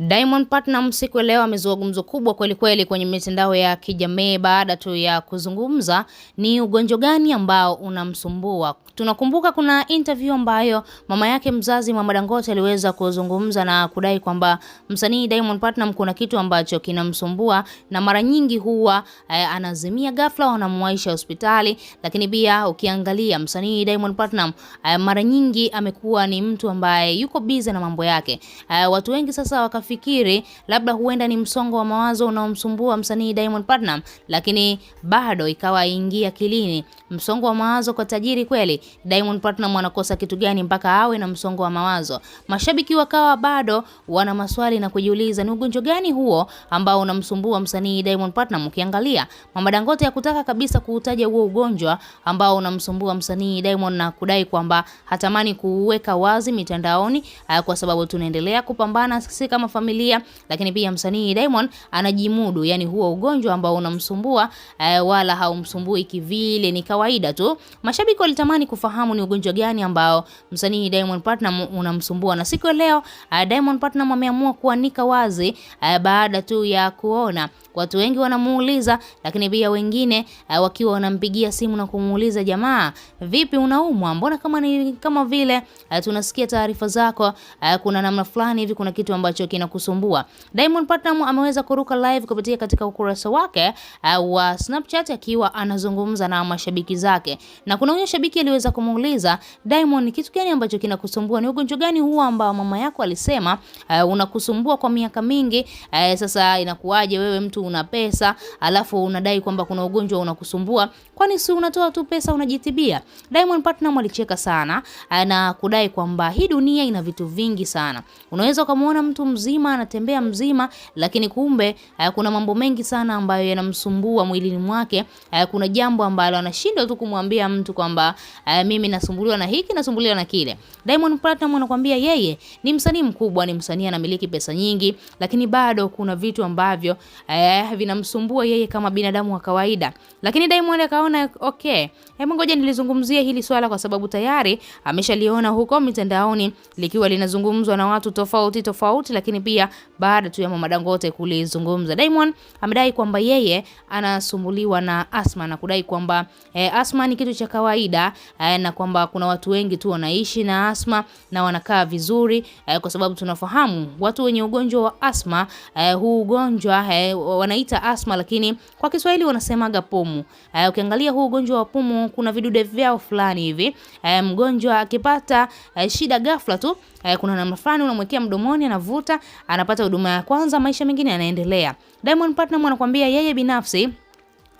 Diamond Platnumz siku ya leo amezua gumzo kubwa kweli kweli kwenye mitandao ya kijamii baada tu ya kuzungumza ni ugonjwa gani ambao unamsumbua. Tunakumbuka kuna interview ambayo mama yake mzazi Mama Dangote aliweza kuzungumza na kudai kwamba msanii Diamond Platnumz kuna kitu ambacho kinamsumbua na mara nyingi huwa eh, anazimia ghafla wanamwaisha hospitali, lakini pia ukiangalia msanii Diamond Platnumz eh, mara nyingi amekuwa ni mtu ambaye yuko busy na mambo yake. Eh, watu wengi sasa waka anafikiri labda huenda ni msongo wa mawazo unaomsumbua msanii Diamond Platnumz, lakini bado ikawa ingia kilini, msongo wa mawazo kwa tajiri kweli. Diamond Platnumz anakosa kitu gani mpaka awe na msongo wa mawazo? Mashabiki wakawa bado wana maswali na kujiuliza ni ugonjwa gani huo ambao unamsumbua msanii Diamond Platnumz. Ukiangalia Mama Dangote hakutaka kabisa kuutaja huo ugonjwa ambao unamsumbua msanii Diamond na kudai kwamba hatamani kuuweka wazi mitandaoni, eh, kwa sababu tunaendelea kupambana sisi kama familia, lakini pia msanii Diamond anajimudu, yani huo ugonjwa ambao unamsumbua e, wala haumsumbui kivile, ni kawaida tu. Mashabiki walitamani kufahamu ni ugonjwa gani ambao msanii Diamond Platnumz unamsumbua, na siku ya leo e, Diamond Platnumz ameamua kuanika wazi e, baada tu ya kuona watu wengi wanamuuliza, lakini pia wengine e, wakiwa wanampigia simu na kumuuliza jamaa, vipi unaumwa? Mbona kama ni, kama vile e, tunasikia taarifa zako e, kuna namna fulani hivi, kuna kitu ambacho kina kusumbua. Diamond Platnumz ameweza kuruka live kupitia katika ukurasa wake uh, wa Snapchat akiwa anazungumza na mashabiki zake, na kuna huyo shabiki aliweza kumuuliza Diamond, kitu gani ambacho kinakusumbua? Ni ugonjwa gani huo ambao mama yako alisema uh, unakusumbua kwa miaka mingi uh, sasa inakuwaje wewe mtu una pesa alafu unadai kwamba kuna ugonjwa unakusumbua? kwani si unatoa tu pesa unajitibia? Diamond Platnumz alicheka sana na kudai kwamba hii dunia ina vitu vingi sana. Unaweza ukamwona mtu mzima anatembea mzima, lakini kumbe eh, kuna mambo mengi sana ambayo yanamsumbua mwilini mwake. Eh, kuna jambo ambalo anashindwa tu kumwambia mtu kwamba eh, mimi nasumbuliwa na hiki, nasumbuliwa na kile. Diamond Platnumz anakuambia yeye ni msanii mkubwa, ni msanii anamiliki pesa nyingi, lakini bado kuna vitu ambavyo eh, vinamsumbua yeye kama binadamu wa kawaida, lakini Diamond akaona akaona okay, hebu ngoja nilizungumzie hili swala, kwa sababu tayari ameshaliona huko mitandaoni likiwa linazungumzwa na watu tofauti tofauti, lakini pia baada tu ya mama Dangote kulizungumza, Diamond amedai kwamba yeye anasumbuliwa na asma na kudai kwamba e, eh, asma ni kitu cha kawaida e, na kwamba kuna watu wengi tu wanaishi na asma na wanakaa vizuri e, kwa sababu tunafahamu watu wenye ugonjwa wa asma e, huu ugonjwa e, wanaita asma, lakini kwa Kiswahili wanasemaga pomu e, ukiangalia ukiangalia huu ugonjwa wa pumu kuna vidude vyao fulani hivi e, mgonjwa akipata e, shida ghafla tu e, kuna namna fulani unamwekea mdomoni, anavuta, anapata huduma ya kwanza, maisha mengine yanaendelea. Diamond Platnumz anakuambia yeye binafsi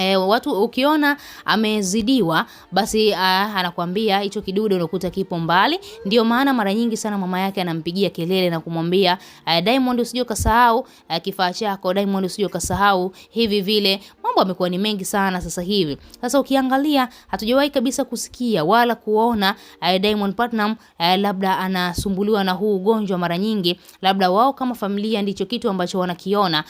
E, watu ukiona amezidiwa basi uh, anakuambia hicho kidude unakuta kipo mbali. Ndio maana mara nyingi sana mama yake anampigia kelele na kumwambia uh, Diamond, usije ukasahau uh, kifaa chako Diamond, usije ukasahau hivi vile. Mambo amekuwa ni mengi sana sasa hivi. Sasa ukiangalia, hatujawahi kabisa kusikia wala kuona uh, Diamond Platinum labda anasumbuliwa na huu ugonjwa. Mara nyingi labda wao kama familia ndicho kitu ambacho wanakiona.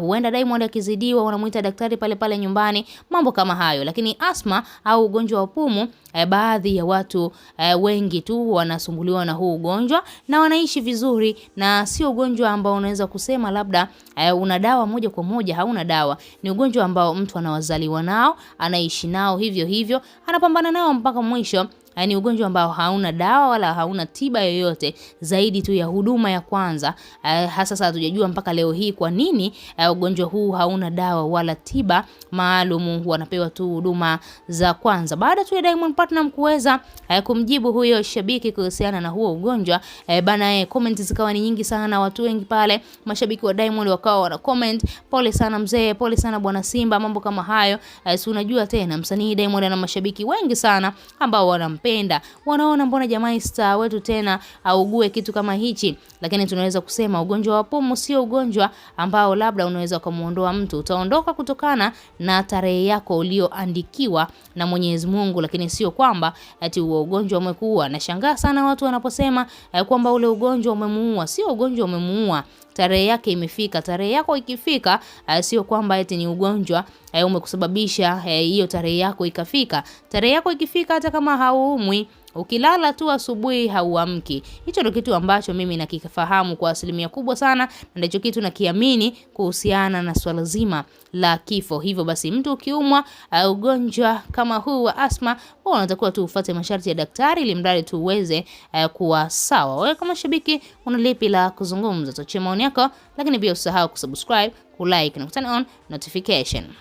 Huenda Diamond akizidiwa, wanamuita daktari pale pale nyumbani nyumbani, mambo kama hayo. Lakini asma au ugonjwa wa pumu e, baadhi ya watu e, wengi tu wanasumbuliwa na huu ugonjwa na wanaishi vizuri, na sio ugonjwa ambao unaweza kusema labda e, una dawa moja kwa moja, hauna dawa. Ni ugonjwa ambao mtu anawazaliwa nao, anaishi nao hivyo hivyo, anapambana nao mpaka mwisho yaani ugonjwa ambao hauna dawa wala hauna tiba yoyote zaidi tu ya huduma ya kwanza. Eh, hasa sasa hatujajua mpaka leo hii kwa nini eh, ugonjwa huu hauna dawa wala tiba maalum, wanapewa tu huduma za kwanza. Baada tu ya Diamond Platnumz kuweza eh, kumjibu huyo shabiki kuhusiana na huo ugonjwa e, bana e, comment zikawa ni nyingi sana, watu wengi pale, mashabiki wa Diamond wakawa wana comment, pole sana mzee, pole sana bwana Simba, mambo kama hayo e, si unajua tena msanii Diamond ana mashabiki wengi sana ambao wana wanampenda, wanaona mbona jamani star wetu tena augue kitu kama hichi. Lakini tunaweza kusema ugonjwa wa pumu sio ugonjwa ambao labda unaweza kumuondoa mtu, utaondoka kutokana na tarehe yako ulioandikiwa na Mwenyezi Mungu, lakini sio kwamba ati huo ugonjwa umekuua. Nashangaa sana watu wanaposema eh, kwamba ule ugonjwa umemuua. Sio ugonjwa umemuua, tarehe yake imefika. Tarehe yako ikifika, eh, sio kwamba eti ni ugonjwa eh, umekusababisha eh, hiyo tarehe yako ikafika. Tarehe yako ikifika, hata kama hauumwi Ukilala tu asubuhi hauamki. Hicho ndio kitu ambacho mimi nakifahamu kwa asilimia kubwa sana, na ndicho kitu nakiamini kuhusiana na swala zima la kifo. Hivyo basi, mtu ukiumwa uh, ugonjwa kama huu wa asma, wewe unatakiwa tu ufuate masharti ya daktari, ili mradi tu uweze uh, kuwa sawa. Wewe kama shabiki una lipi la kuzungumza? Tuachie maoni yako, lakini pia usahau kusubscribe, kulike na kuturn on notification.